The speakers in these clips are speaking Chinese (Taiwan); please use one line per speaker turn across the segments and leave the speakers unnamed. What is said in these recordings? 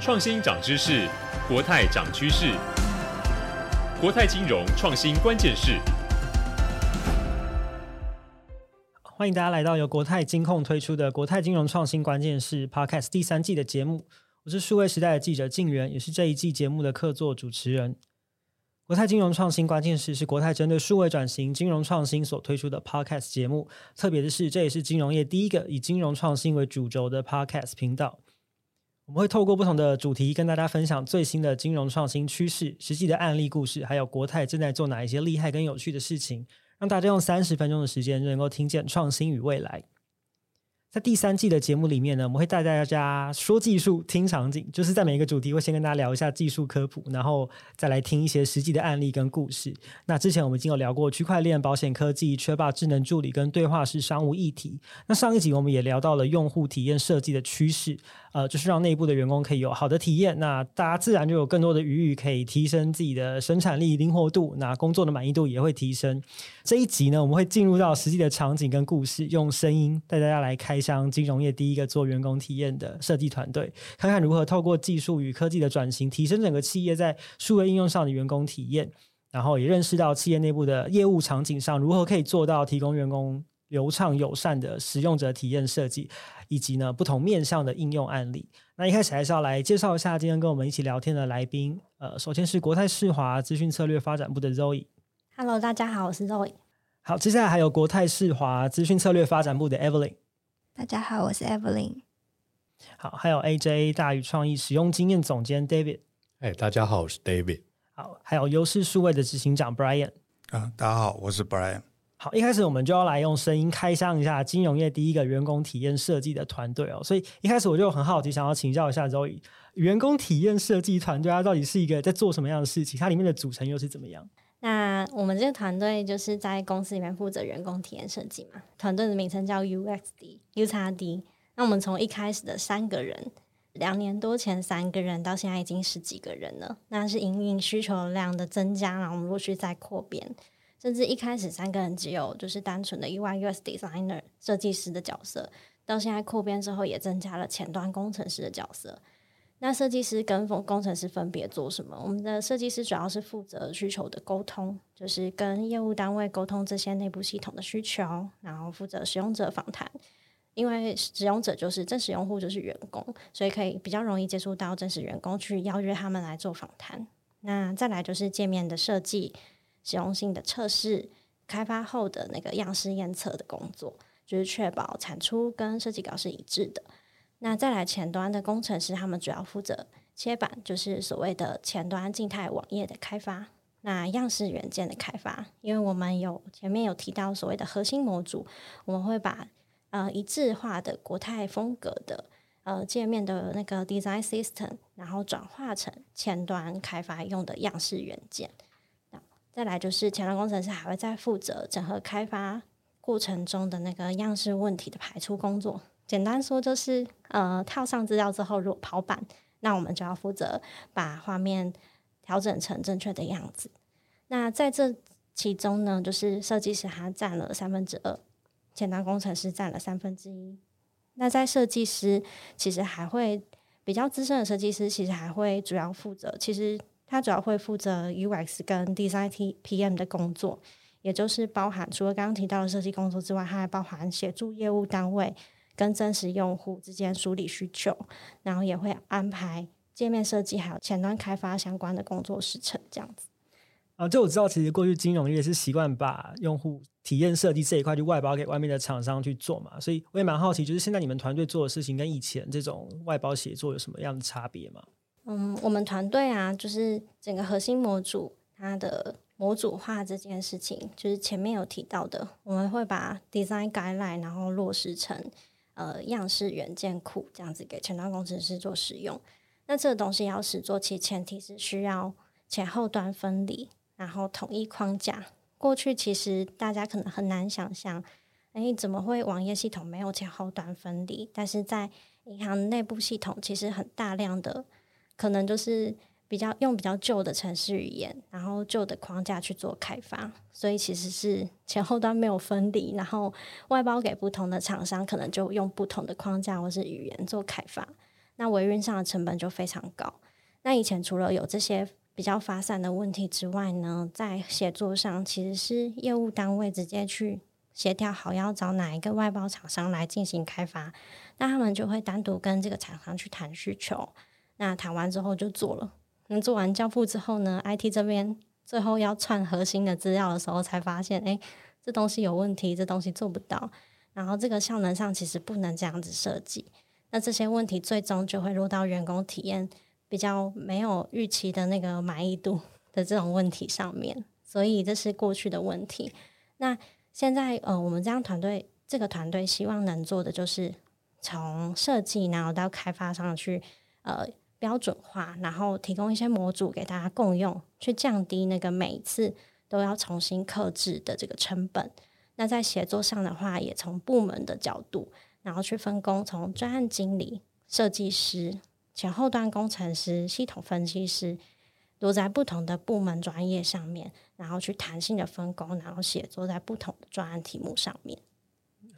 創新漲知識，國泰漲趨勢。國泰金融創新關鍵勢，
歡迎大家來到由國泰金控推出的《國泰金融創新關鍵勢》Podcast 第三季的節目。我是數位時代的記者晉源，也是這一季節目的客座主持人。國泰金融創新關鍵勢，是國泰針對數位轉型、金融創新所推出的 Podcast 節目。特別的是，這也是金融業第一個以金融創新為主軸的 Podcast 頻道。我們會透過不同的主題，跟大家分享最新的金融創新趨勢、實際的案例故事，還有國泰正在做哪一些厲害跟有趣的事情，讓大家用三十分鐘的時間，就能夠聽見創新與未來。在第三季的節目裡面呢，我們會帶大家說技術、聽場景，就是在每一個主題會先跟大家聊一下技術科普，然後再來聽一些實際的案例跟故事。那之前我們已經有聊過區塊鏈、保險科技、Chatbot 智能助理跟對話式商務議題。那上一集我們也聊到了用戶體驗設計的趨勢，呃，就是讓內部的員工可以有好的體驗，那大家自然就有更多的餘裕可以提升自己的生產力、靈活度，那工作的滿意度也會提升。這一集呢，我們會進入到實際的場景跟故事，用聲音帶大家來開。像金融業第一個做員工體驗的設計團隊，看看如何透過技術與科技的轉型，提升整個企業在數位應用上的員工體驗，然後也認識到企業內部的業務場景上如何可以做到提供員工流暢友善的使用者體驗設計，以及呢不同面向的應用案例。那一開始還是要來介紹一下今天跟我們一起聊天的來賓。呃，首先是國泰世華資訊策略發展部的 Zoe。
哈嘍，Hello，大家好，我是 Zoe。
好，接下來還有國泰世華資訊策略發展部的 Evelyn。大家好，我是 Evelyn。好，還有 AJA 大予創意使用經驗總監 David。哎
，hey, 大家好，我是 David。
好，還有悠識數位的執行長 Bryan。啊
，uh, 大家好，我是 Bryan。
好，一開始我們就要來用聲音開箱一下金融業第一個員工體驗設計的團隊哦。所以一開始我就很好奇，想要請教一下 Zoe，員工體驗設計團隊、啊，它到底是一個在做什麼樣的事情？它裡面的組成又是怎麼樣？
那我們這個團隊就是在公司裡面負責員工體驗設計嘛，團隊的名稱叫 UXD，UXD。那我們從一開始的三個人，兩年多前三個人到現在已經十幾個人了，那是營運需求量的增加，然後我們陸續在擴編，甚至一開始三個人只有就是單純的 UI/US designer 設計師的角色，到現在擴編之後也增加了前端工程師的角色。那設計師跟工程師分別做什麼？我們的設計師主要是負責需求的溝通，就是跟業務單位溝通這些內部系統的需求，然後負責使用者訪談。因為使用者就是真實用戶，就是員工，所以可以比較容易接觸到真實員工去邀約他們來做訪談。那再來就是界面的設計、使用性的測試、開發後的那個樣式驗測的工作，就是確保產出跟設計稿是一致的。那再來前端的工程師，他們主要負責切板，就是所謂的前端靜態網頁的開發，那樣式元件的開發。因為我們有前面有提到所謂的核心模組，我們會把呃一致化的國泰風格的呃界面的那個 design system，然後轉化成前端開發用的樣式元件。那再來就是前端工程師還會再負責整合開發過程中的那個樣式問題的排除工作。簡單說就是，呃，套上資料之後，如果跑版，那我們就要負責把畫面調整成正確的樣子。那在這其中呢，就是設計師他佔了三分之二，前端工程師佔了三分之一。那在設計師，其實還會比較資深的設計師，其實還會主要負責，其實他主要會負責 UX 跟 Design PM 的工作，也就是包含除了剛剛提到的設計工作之外，他還包含協助業務單位。跟真實用戶之間梳理需求，然後也會安排界面設計還有前端開發相關的工作時程，這樣子。
啊，這我知道。其實過去金融業是習慣把用戶體驗設計這一塊就外包給外面的廠商去做嘛，所以我也蠻好奇，就是現在你們團隊做的事情跟以前這種外包協作有什麼樣的差別嗎？
嗯，我們團隊啊，就是整個核心模組它的模組化這件事情，就是前面有提到的，我們會把 design guideline 然後落實成。呃，樣式元件庫這樣子給前端工程師做使用。那這個東西要實作，其前提是需要前後端分離，然後統一框架。過去其實大家可能很難想象，誒，怎麼會網頁系統沒有前後端分離？但是在銀行內部系統，其實很大量的可能就是。比較用比較舊的程式語言，然後舊的框架去做開發，所以其實是前後端沒有分離，然後外包給不同的廠商，可能就用不同的框架或是語言做開發，那維運上的成本就非常高。那以前除了有這些比較發散的問題之外呢，在協作上其實是業務單位直接去協調好要找哪一個外包廠商來進行開發，那他們就會單獨跟這個廠商去談需求，那談完之後就做了。那做完交付之後呢，IT 這邊最後要串核心的資料的時候，才發現，哎、欸，這東西有問題，這東西做不到。然後這個效能上其實不能這樣子設計。那這些問題最終就會落到員工體驗比較沒有預期的那個滿意度的這種問題上面。所以這是過去的問題。那現在，呃，我們這樣團隊這個團隊希望能做的就是從設計然後到開發上去，呃。標準化，然後提供一些模組給大家共用，去降低那個每一次都要重新刻製的這個成本。那在協作上的話，也從部門的角度，然後去分工，從專案經理、設計師、前後端工程師、系統分析師，都在不同的部門專業上面，然後去彈性的分工，然後協作在不同的專案題目上面。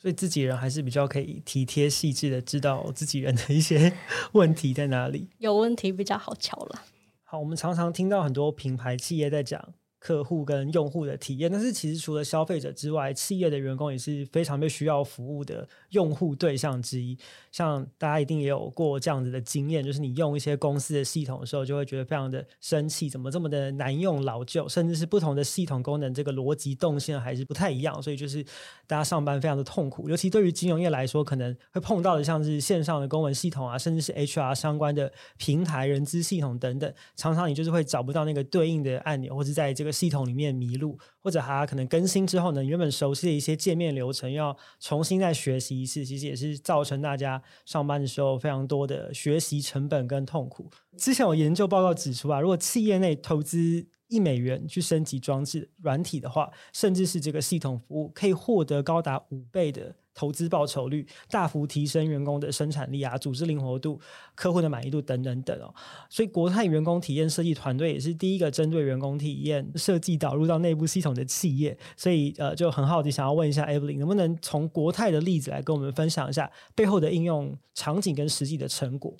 所以自己人還是比較可以體貼細緻的，知道自己人的一些問題在哪裡，
有問題比較好敲了。
好，我們常常聽到很多品牌企業在講客戶跟用戶的體驗，但是其實除了消費者之外，企業的員工也是非常被需要服務的用戶對象之一。像大家一定也有過這樣子的經驗，就是你用一些公司的系統的時候，就會覺得非常的生氣，怎麼這麼的難用、老舊，甚至是不同的系統功能，這個邏輯動線還是不太一樣，所以就是大家上班非常的痛苦。尤其對於金融業來說，可能會碰到的像是線上的公文系統啊，甚至是 HR 相關的平台、人資系統等等，常常你就是會找不到那個對應的按鈕，或者在這個系統裡面迷路，或者它可能更新之後呢，原本熟悉的一些界面流程要重新再學習一次，其實也是造成大家上班的時候非常多的學習成本跟痛苦。之前有研究報告指出啊，如果企業內投資。一美元去升級裝置、軟體的話，甚至是這個系統服務，可以獲得高達五倍的投資報酬率，大幅提升員工的生產力啊、組織靈活度、客戶的滿意度等等等哦。所以國泰員工體驗設計團隊也是第一個針對員工體驗設計導入到內部系統的企業。所以呃，就很好奇，想要問一下 Evelyn，能不能從國泰的例子來跟我們分享一下背後的應用場景跟實際的成果？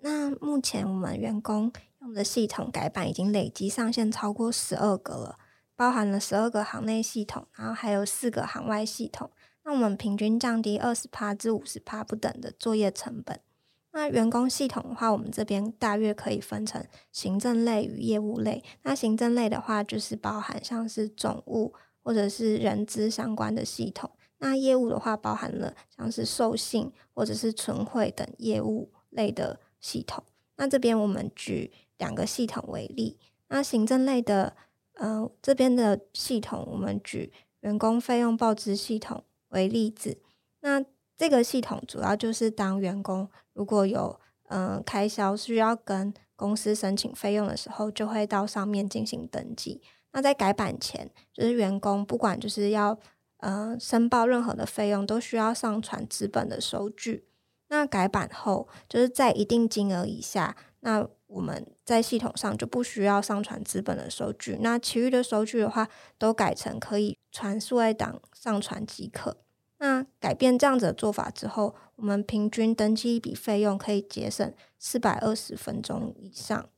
那目前我們員工。我們的系統改版已經累計上線超過十二個了，包含了十二個行內系統，然後還有四個行外系統。那我們平均降低二十趴至五十趴不等的作業成本。那員工系統的話，我們這邊大約可以分成行政類與業務類。那行政類的話，就是包含像是總務或者是人資相關的系統；那業務的話，包含了像是授信或者是存匯等業務類的系統。那這邊我們舉兩個系統為例，那行政類的，呃，這邊的系統，我們舉員工費用報支系統為例子，那這個系統主要就是當員工如果有嗯、呃、開銷需要跟公司申請費用的時候，就會到上面進行登記。那在改版前，就是員工不管就是要嗯、呃、申報任何的費用，都需要上傳紙本的收據。那改版後，就是在一定金額以下，那我們在系統上就不需要上傳資本的收據，那其餘的收據的話，都改成可以傳數位檔上傳即可。那改變這樣子的做法之後，我們平均登記一筆費用可以節省四百二十分鐘以上。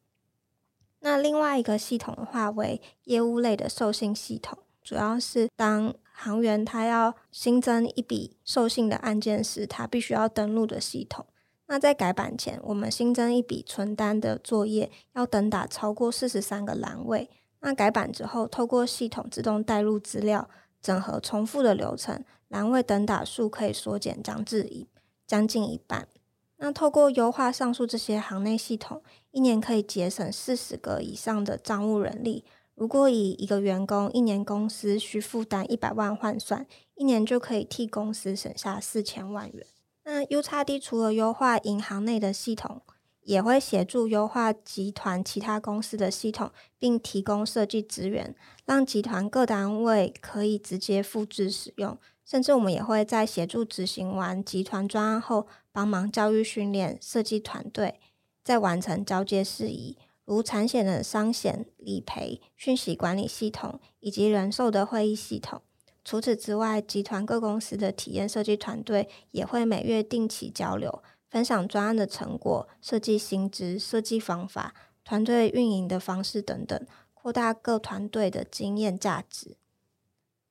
那另外一個系統的話，為業務類的授信系統，主要是當行員他要新增一筆授信的案件時，他必須要登錄的系統。那在改版前，我們新增一筆存單的作業要等打超過四十三個欄位。那改版之後，透過系統自動帶入資料，整合重複的流程，欄位等打數可以縮減將至一將近一半。那透過優化上述這些行內系統，一年可以節省四十個以上的賬務人力。如果以一個員工一年公司需負擔一百萬換算，一年就可以替公司省下四千萬元。那 UXD 除了優化銀行內的系統，也會協助優化集團其他公司的系統，並提供設計資源，讓集團各單位可以直接複製使用。甚至我們也會在協助執行完集團專案後，幫忙教育訓練設計團隊，再完成交接事宜，如產險的商險理賠訊息管理系統以及人壽的會議系統。除此之外，集團各公司的體驗設計團隊也會每月定期交流，分享專案的成果、設計新知、設計方法、團隊運營的方式等等，擴大各團隊的經驗價值。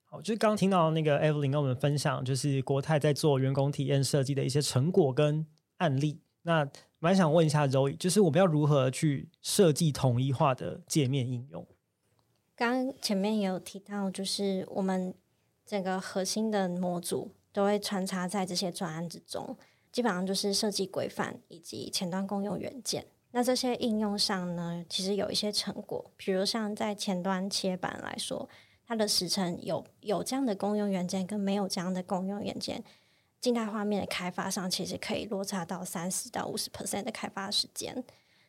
好，就是剛聽到那個 Evelyn 跟我們分享，就是國泰在做員工體驗設計的一些成果跟案例。那蠻想問一下柔，就是我們要如何去設計統一化的界面應用？
剛前面也有提到，就是我們。整個核心的模組都會穿插在這些專案之中，基本上就是設計規範以及前端公用元件。那這些應用上呢，其實有一些成果，比如像在前端切板來說，它的時程有有這樣的公用元件跟沒有這樣的公用元件，靜態畫面的開發上其實可以落差到三十到五十 percent 的開發時間。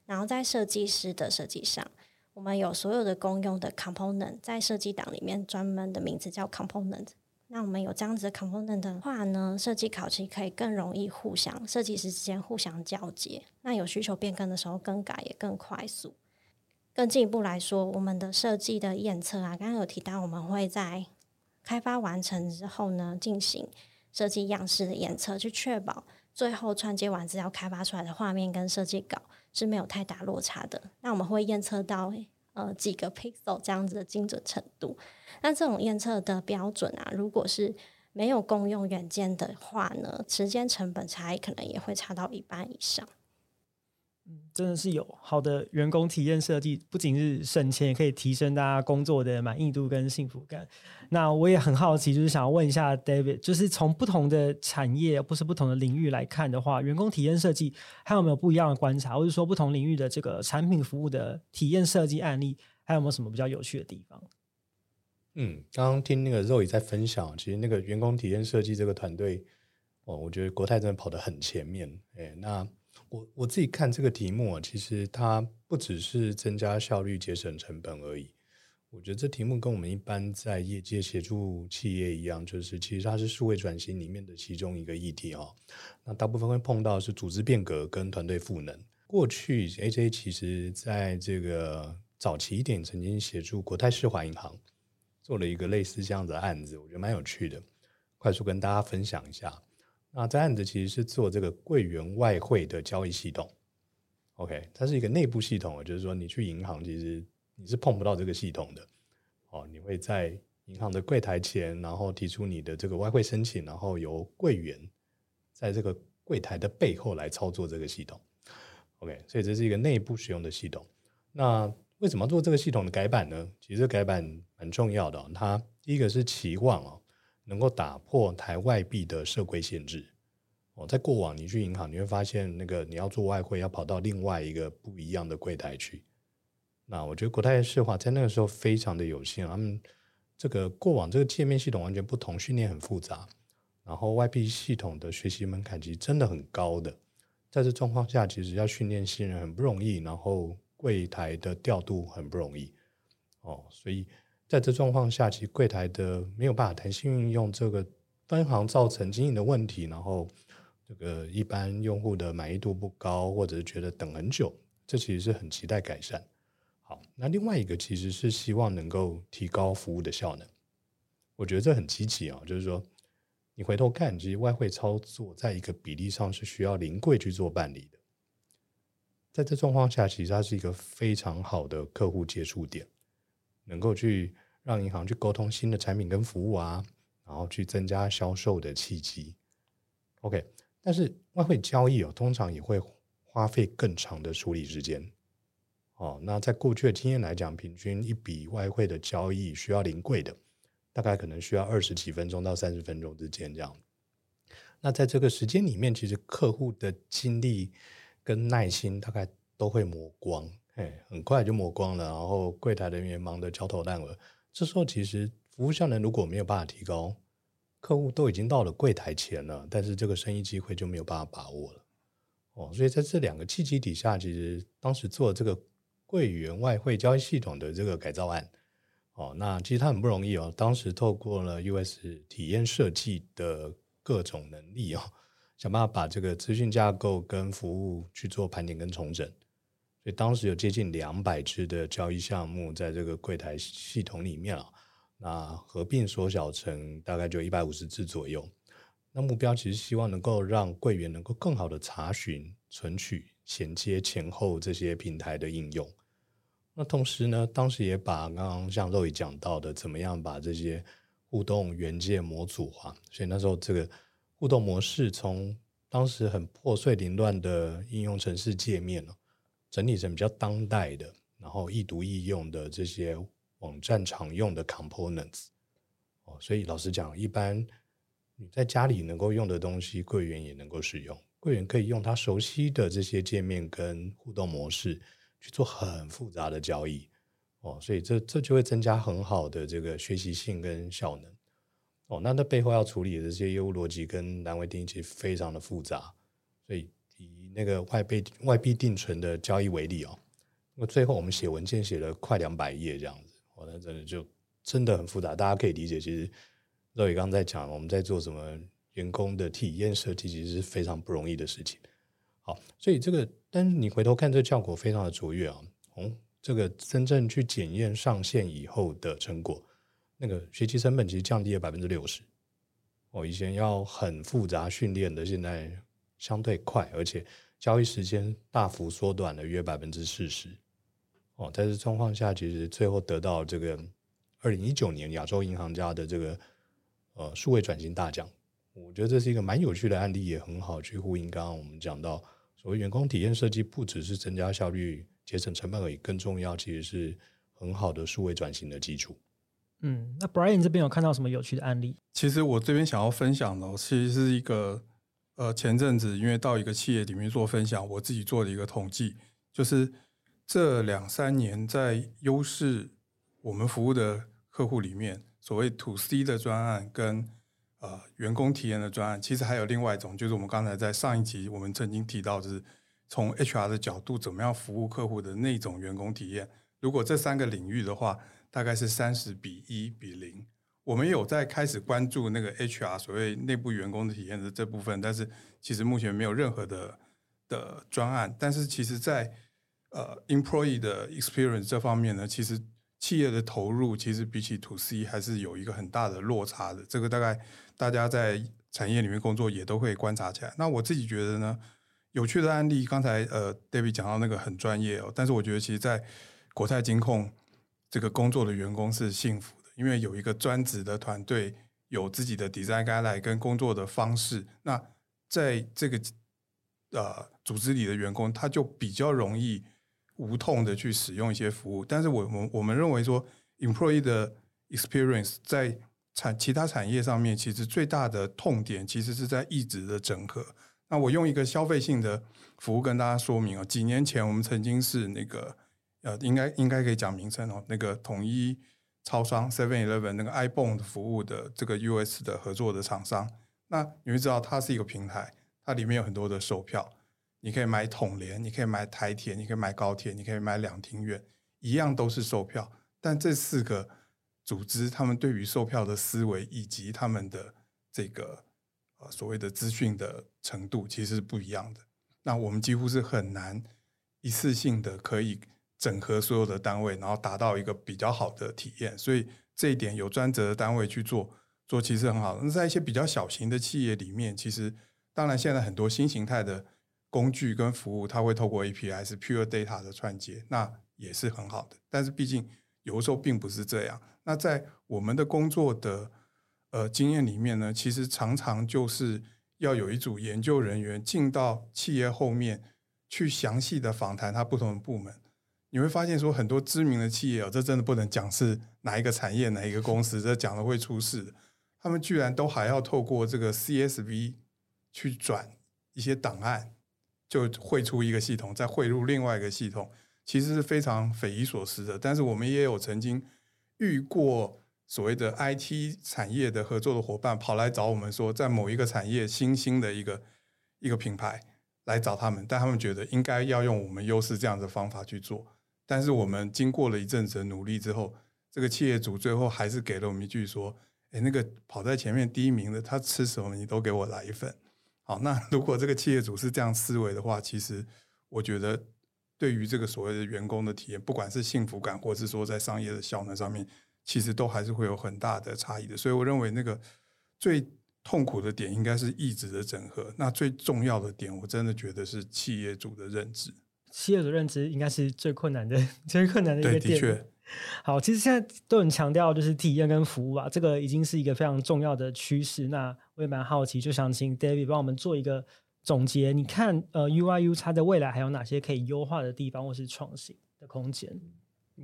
然後在設計師的設計上。我們有所有的公用的 component，在設計檔裡面專門的名字叫 component。那我們有這樣子的 component 的話呢，設計考期可以更容易互相設計師之間互相交接。那有需求變更的時候，更改也更快速。更進一步來說，我們的設計的驗測啊，剛剛有提到，我們會在開發完成之後呢，進行設計樣式的驗測，去確保。最後串接完之後開發出來的畫面跟設計稿是沒有太大落差的。那我們會驗測到呃幾個 pixel 這樣子的精準程度。那這種驗測的標準啊，如果是沒有共用元件的話呢，時間成本差異可能也會差到一半以上。
真的是有好的員工體驗設計，不僅是省錢，也可以提升大家工作的滿意度跟幸福感。那我也很好奇，就是想要問一下 David，就是從不同的產業或是不同的領域來看的話，員工體驗設計還有沒有不一樣的觀察，或者說不同領域的這個產品服務的體驗設計案例，還有沒有什麼比較有趣的地方？
嗯，剛剛聽那個 Zoe 在分享，其實那個員工體驗設計這個團隊，哦，我覺得國泰真的跑得很前面，誒、哎，那。我我自己看這個題目啊，其實它不只是增加效率、節省成本而已。我覺得這題目跟我們一般在業界協助企業一樣，就是其實它是數位轉型裡面的其中一個議題哈。那大部分會碰到是組織變革跟團隊賦能。過去 AJ 其實在這個早期一點曾經協助國泰世華銀行做了一個類似這樣的案子，我覺得蠻有趣的，快速跟大家分享一下。那這案子其實是做這個櫃員外匯的交易系統，OK，它是一個內部系統，就是說你去銀行其實你是碰不到這個系統的，哦，你會在銀行的櫃檯前，然後提出你的這個外匯申請，然後由櫃員在這個櫃檯的背後來操作這個系統，OK，所以這是一個內部使用的系統。那為什麼做這個系統的改版呢？其實改版很重要的，哦，它第一個是期望哦。能夠打破台外幣的設櫃限制哦，在過往你去銀行，你會發現那個你要做外匯，要跑到另外一個不一樣的櫃檯去。那我覺得國泰世華在那個時候非常的有限，他、啊、們、嗯、這個過往這個界面系統完全不同，訓練很複雜，然後外幣系統的學習門檻其實真的很高的。在這狀況下，其實要訓練新人很不容易，然後櫃檯的調度很不容易哦，所以。在這狀況下，其實櫃台的沒有辦法彈性運用這個分行，造成經營的問題，然後這個一般用戶的滿意度不高，或者是覺得等很久，這其實是很期待改善。好，那另外一個其實是希望能夠提高服務的效能，我覺得這很積極啊。就是說，你回頭看，其實外匯操作在一個比例上是需要臨櫃去做辦理的，在這狀況下，其實它是一個非常好的客戶接觸點。能夠去讓銀行去溝通新的產品跟服務啊，然後去增加銷售的契機。OK，但是外匯交易哦，通常也會花費更長的處理時間。哦，那在過去的經驗來講，平均一筆外匯的交易需要臨櫃的，大概可能需要二十幾分鐘到三十分鐘之間這樣。那在這個時間裡面，其實客戶的精力跟耐心大概都會磨光。哎，很快就抹光了，然後櫃檯人員忙得焦頭爛額。這時候其實服務效能如果沒有辦法提高，客戶都已經到了櫃檯前了，但是這個生意機會就沒有辦法把握了。哦，所以在這兩個契機底下，其實當時做這個櫃員外匯交易系統的這個改造案，哦，那其實它很不容易哦。當時透過了 UX 體驗設計的各種能力哦，想辦法把這個資訊架構跟服務去做盤點跟重整。所以當時有接近兩百支的交易項目在這個櫃檯系統裡面，那合併縮小成大概就一百五十支左右。那目標其實希望能夠讓櫃員能夠更好的查詢、存取、銜接前後這些平台的應用。那同時呢，當時也把剛剛像 Zoe 講到的，怎麼樣把這些互動元件模組化。所以那時候這個互動模式從當時很破碎凌亂的應用程式界面整理成比較當代的，然後易讀易用的這些網站常用的 components 哦，所以老實講，一般你在家裡能夠用的東西，櫃員也能夠使用。櫃員可以用他熟悉的這些界面跟互動模式去做很複雜的交易哦，所以這這就會增加很好的這個學習性跟效能哦。那那背後要處理的這些業務邏輯跟單位定義，其實非常的複雜，所以。那個外幣外幣定存的交易為例哦，那麼最後我們寫文件寫了快兩百頁這樣子，我那真的就真的很複雜，大家可以理解。其實 Zoe 剛剛在講我們在做什麼員工的體驗設計，其實是非常不容易的事情。好，所以這個，但是你回頭看，這個效果非常的卓越啊、哦！從、哦、這個真正去檢驗上線以後的成果，那個學習成本其實降低了百分之六十。我、哦、以前要很複雜訓練的，現在。相對快，而且交易時間大幅縮短了約百分之四十。哦，在這狀況下，其實最後得到這個二零一九年亞洲銀行家的這個呃數位轉型大獎，我覺得這是一個蠻有趣的案例，也很好去呼應剛剛我們講到所謂員工體驗設計，不只是增加效率、節省成本而已，更重要其實是很好的數位轉型的基礎。
嗯，那 Bryan 這邊有看到什麼有趣的案例？
其實我這邊想要分享的，其實是一個。呃，前陣子因為到一個企業裡面做分享，我自己做的一個統計，就是這兩三年在悠識，我們服務的客戶裡面，所謂 To C 的專案跟呃員工體驗的專案，其實還有另外一種，就是我們剛才在上一集我們曾經提到，就是從 HR 的角度怎麼樣服務客戶的那種員工體驗。如果這三個領域的話，大概是三十比一比零。我們有在開始關注那個 HR 所謂內部員工的體驗的這部分，但是其實目前沒有任何的的專案。但是其實在，在呃 employee 的 experience 這方面呢，其實企業的投入其實比起 to C 還是有一個很大的落差的。這個大概大家在產業裡面工作也都會觀察起來。那我自己覺得呢，有趣的案例，剛才呃 David 講到那個很專業哦，但是我覺得其實，在國泰金控這個工作的員工是幸福的。因為有一個專職的團隊，有自己的 design guideline 跟工作的方式，那在這個呃組織裡的員工，他就比較容易無痛地去使用一些服務。但是我我我們認為說，employee 的 experience 在產其他產業上面，其實最大的痛點其實是在意志的整合。那我用一個消費性的服務跟大家說明啊，幾年前我們曾經是那個呃，應該應該可以講名稱哦，那個統一。超商、Seven Eleven 那個 ibon 服務的這個 US 的合作的廠商，那你會知道它是一個平台，它裡面有很多的售票，你可以買統聯，你可以買台鐵，你可以買高鐵，你可以買兩廳院，一樣都是售票。但這四個組織，他們對於售票的思維以及他們的這個呃所謂的資訊的程度其實是不一樣的。那我們幾乎是很難一次性的可以。整合所有的單位，然後達到一個比較好的體驗，所以這一點有專責的單位去做做，其實很好。那在一些比較小型的企業裡面，其實當然現在很多新形態的工具跟服務，它會透過 API 是 Pure Data 的串接，那也是很好的。但是畢竟有的時候並不是這樣。那在我們的工作的呃經驗裡面呢，其實常常就是要有一組研究人員進到企業後面去詳細的訪談它不同的部門。你會發現說很多知名的企業啊，這真的不能講是哪一個產業、哪一個公司，這講了會出事。他們居然都還要透過這個 CSV 去轉一些檔案，就匯出一個系統，再匯入另外一個系統，其實是非常匪夷所思的。但是我們也有曾經遇過所謂的 IT 產業的合作的夥伴跑來找我們說，在某一個產業新興的一個一個品牌來找他們，但他們覺得應該要用我們優勢這樣的方法去做。但是我們經過了一陣子的努力之後，這個企業主最後還是給了我們一句說：“誒，那個跑在前面第一名的，他吃什麼你都給我來一份。”好，那如果這個企業主是這樣思維的話，其實我覺得對於這個所謂的員工的體驗，不管是幸福感，或是說在商業的效能上面，其實都還是會有很大的差異的。所以我認為那個最痛苦的點應該是意志的整合，那最重要的點，我真的覺得是企業主的認知。
企業的認知應該是最困難的，最困難的一個點。對，的確。好，其實現在都很強調就是體驗跟服務啊，這個已經是一個非常重要的趨勢。那我也蠻好奇，就想請 David 幫我們做一個總結。你看，呃，U I U 它在未來還有哪些可以優化的地方，或是創新的空間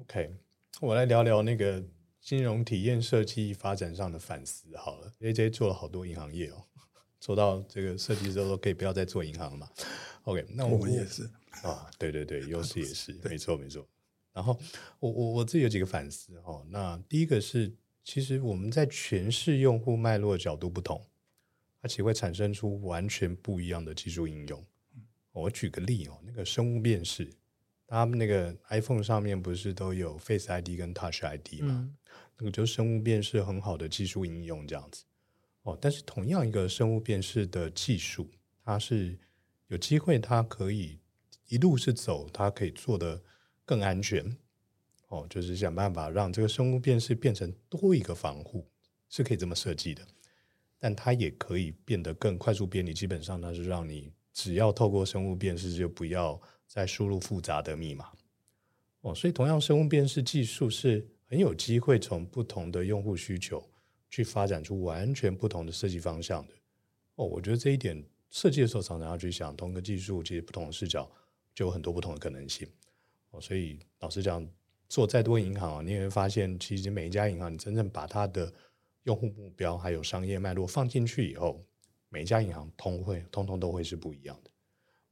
？OK，我來聊聊那個金融體驗設計發展上的反思。好了，AJ 做了好多銀行業哦，做到這個設計之後都可以不要再做銀行了嘛？OK，那我們我也是。 啊，對對對，優勢也是， 對沒錯沒錯。然後我我我自己有幾個反思哦，那第一個是，其實我們在詮釋用戶脈絡的角度不同，而且會產生出完全不一樣的技術應用。哦、我舉個例哦，那個生物辨識，他們那個 iPhone 上面不是都有 Face ID 跟 Touch ID 嘛？嗯、那個就是生物辨識很好的技術應用這樣子。哦，但是同樣一個生物辨識的技術，它是有機會它可以。一路是走，它可以做得更安全哦，就是想辦法讓這個生物辨識變成多一個防護，是可以這麼設計的。但它也可以變得更快速便利，基本上它是讓你只要透過生物辨識，就不要再輸入複雜的密碼哦。所以，同樣生物辨識技術是很有機會從不同的用戶需求去發展出完全不同的設計方向的哦。我覺得這一點設計的時候常常要去想同一個技術，其實不同的視角。有很多不同的可能性，哦，所以老實講，做再多銀行，啊，你也會發現，其實每一家銀行，你真正把它的用戶目標還有商業脈絡放進去以後，每一家銀行通會通通都會是不一樣的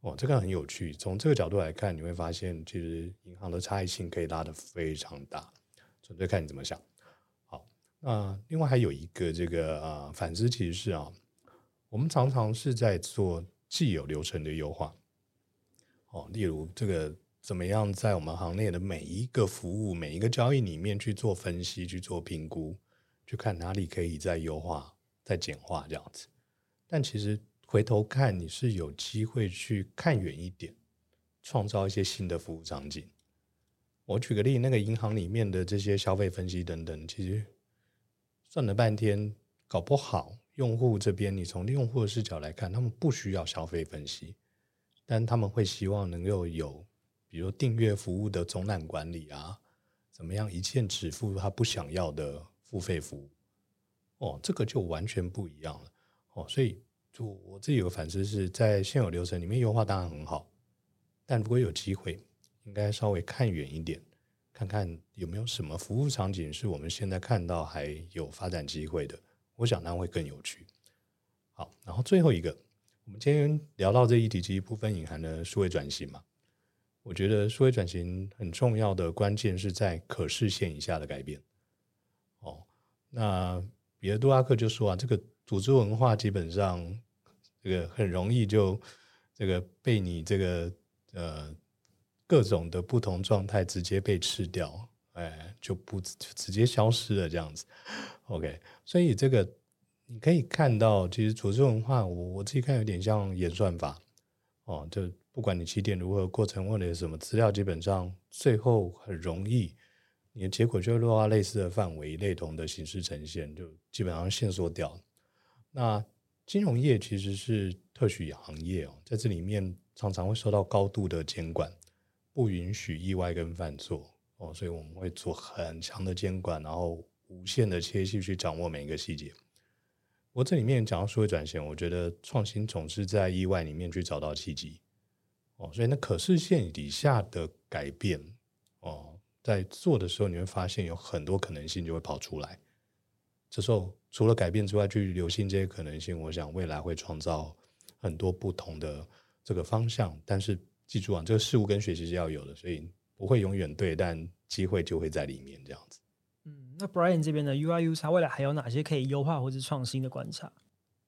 哦。這個很有趣，從這個角度來看，你會發現，其實銀行的差異性可以拉得非常大，純粹看你怎麼想。好，那，呃，另外還有一個這個呃，反思其實是啊，我們常常是在做既有流程的優化。哦，例如這個怎麼樣在我們行內的每一個服務、每一個交易裡面去做分析、去做評估，去看哪裡可以再優化、再簡化這樣子。但其實回頭看，你是有機會去看遠一點，創造一些新的服務場景。我舉個例，那個銀行裡面的這些消費分析等等，其實算了半天，搞不好用戶這邊，你從用戶的視角來看，他們不需要消費分析。但他們會希望能夠有，比如訂閱服務的總覽管理啊，怎麼樣一鍵止付他不想要的付費服務，哦，這個就完全不一樣了，哦，所以就我自己有個反思，是在現有流程裡面優化當然很好，但如果有機會，應該稍微看遠一點，看看有沒有什麼服務場景是我們現在看到還有發展機會的，我想那會更有趣。好，然後最後一個。我們今天聊到這一題，其實部分隱含的數位轉型嘛。我覺得數位轉型很重要的關鍵是在可視線以下的改變。哦，那彼得·杜拉克就說啊，這個組織文化基本上，這個很容易就這個被你這個呃各種的不同狀態直接被吃掉，哎，就不就直接消失了這樣子。OK，所以這個。你可以看到，其實組織文化，我我自己看有點像演算法哦。就不管你起點如何，過程或者什麼資料，基本上最後很容易，你的結果就會落到類似的範圍、類同的形式呈現，就基本上限縮掉。那金融業其實是特許行業哦，在這裡面常常會受到高度的監管，不允許意外跟犯錯哦，所以我們會做很強的監管，然後無限的切細去掌握每一個細節。我這裡面講到數位轉型，我覺得創新總是在意外裡面去找到契機哦，所以那可視線以下的改變哦，在做的時候你會發現有很多可能性就會跑出來。這時候除了改變之外，去留心這些可能性，我想未來會創造很多不同的這個方向。但是記住啊，這個事物跟學習是要有的，所以不會永遠對，但機會就會在裡面這樣子。
嗯，那 Brian 這邊的 UIUX 未來還有哪些可以優化或者創新的觀察？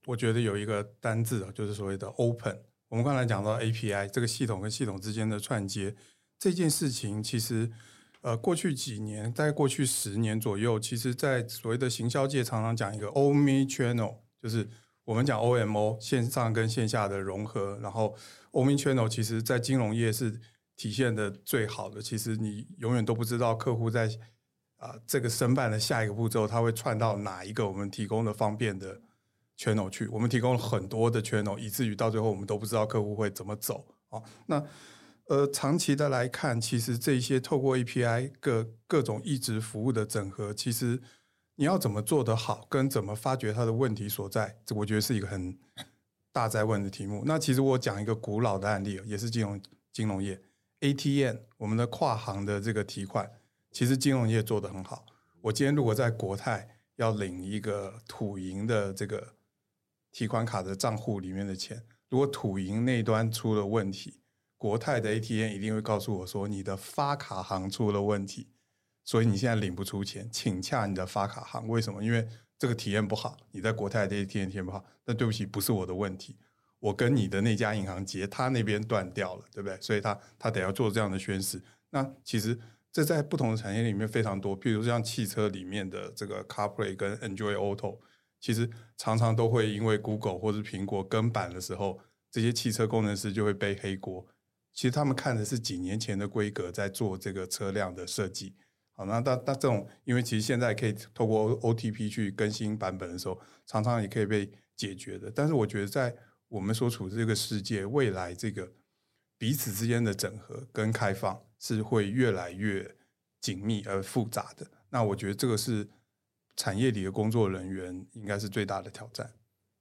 我覺得有一個單字啊，就是所謂的 Open。我們剛才講到 API 這個系統跟系統之間的串接這件事情，其實呃，過去幾年，在過去十年左右，其實在所謂的行銷界常常講一個 Omni Channel，就是我們講 OMO 線上跟線下的融合。然後 Omni Channel 其實在金融業是體現的最好的。其實你永遠都不知道客戶在。啊，這個申辦的下一個步驟，它會串到哪一個我們提供的方便的 channel 去？我們提供了很多的 channel，以至於到最後我們都不知道客戶會怎麼走。啊，那呃，長期的來看，其實這些透過 API 各各種異質服務的整合，其實你要怎麼做得好，跟怎麼發掘它的問題所在，這我覺得是一個很大在問的題目。那其實我講一個古老的案例，也是金融金融業 ATM 我們的跨行的這個提款。其實金融業做得很好。我今天如果在國泰要領一個土銀的這個提款卡的賬戶裡面的錢，如果土銀那端出了問題，國泰的 ATM 一定會告訴我說，你的發卡行出了問題，所以你現在領不出錢，請洽你的發卡行。為什麼？因為這個體驗不好，你在國泰的 ATM 體驗不好。那對不起，不是我的問題，我跟你的那家銀行接，他那邊斷掉了，對不對？所以他他得要做這樣的宣示。那其實。這在不同的產業裡面非常多，譬如像汽車裡面的這個 CarPlay 跟 Android Auto，其實常常都會因為 Google 或者是蘋果更版的時候，這些汽車工程師就會背黑鍋。其實他們看的是幾年前的規格，在做這個車輛的設計。好，那那那這種，因為其實現在可以透過 OTP 去更新版本的時候，常常也可以被解決的。但是我覺得，在我們所處的這個世界未來這個彼此之間的整合跟開放。是會越來越緊密而複雜的，那我覺得這個是產業裡的工作人員應該是最大的挑戰。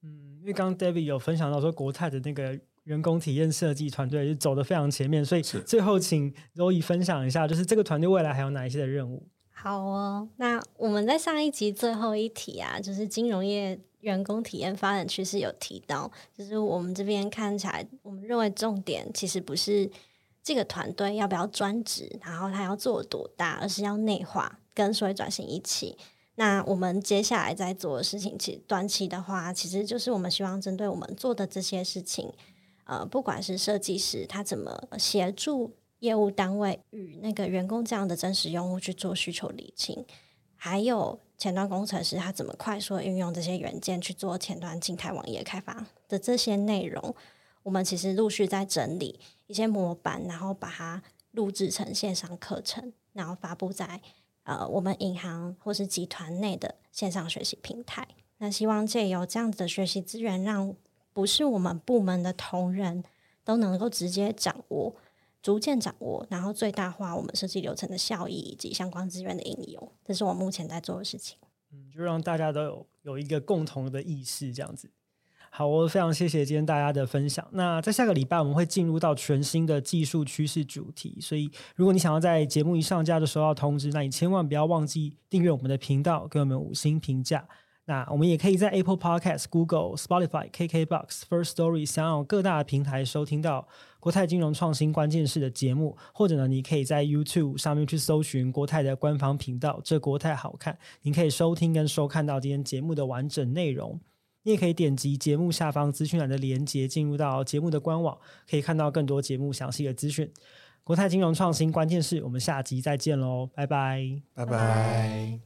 嗯，因為剛剛 David 有分享到說國泰的那個員工體驗設計團隊也走的非常前面，所以最後請 Zoe 分享一下，就是這個團隊未來還有哪一些的任務？
好哦，那我們在上一集最後一題啊，就是金融業員工體驗發展趨勢有提到，就是我們這邊看起來，我們認為重點其實不是。這個團隊要不要專職？然後他要做多大？而是要內化跟數位轉型一起。那我們接下來在做的事情，其短期的話，其實就是我們希望針對我們做的這些事情，呃，不管是設計師他怎麼協助業務單位與那個員工這樣的真實用戶去做需求理清，還有前端工程師他怎麼快速運用這些元件去做前端靜態網頁開發的這些內容。我們其實陸續在整理一些模板，然後把它錄製成線上課程，然後發布在呃我們銀行或是集團內的線上學習平台。那希望借由這樣子的學習資源，讓不是我們部門的同仁都能夠直接掌握、逐漸掌握，然後最大化我們設計流程的效益以及相關資源的應用。這是我目前在做的事情。
嗯，就讓大家都有有一個共同的意識，這樣子。好，哦，我非常謝謝今天大家的分享。那在下個禮拜，我們會進入到全新的技術趨勢主題。所以，如果你想要在節目一上架的時候收到通知，那你千萬不要忘記訂閱我們的頻道，給我們五星評價。那我們也可以在 Apple Podcast、Google、Spotify、KKBox、First Story 等各大平台收聽到國泰金融創新關鍵勢的節目。或者呢，你可以在 YouTube 上面去搜尋國泰的官方頻道，這國泰好看。您可以收聽跟收看到今天節目的完整內容。你也可以點擊節目下方資訊欄的連接，進入到節目的官網，可以看到更多節目詳細的資訊。國泰金融創新關鍵勢，我們下集再見嘍，拜拜，拜拜。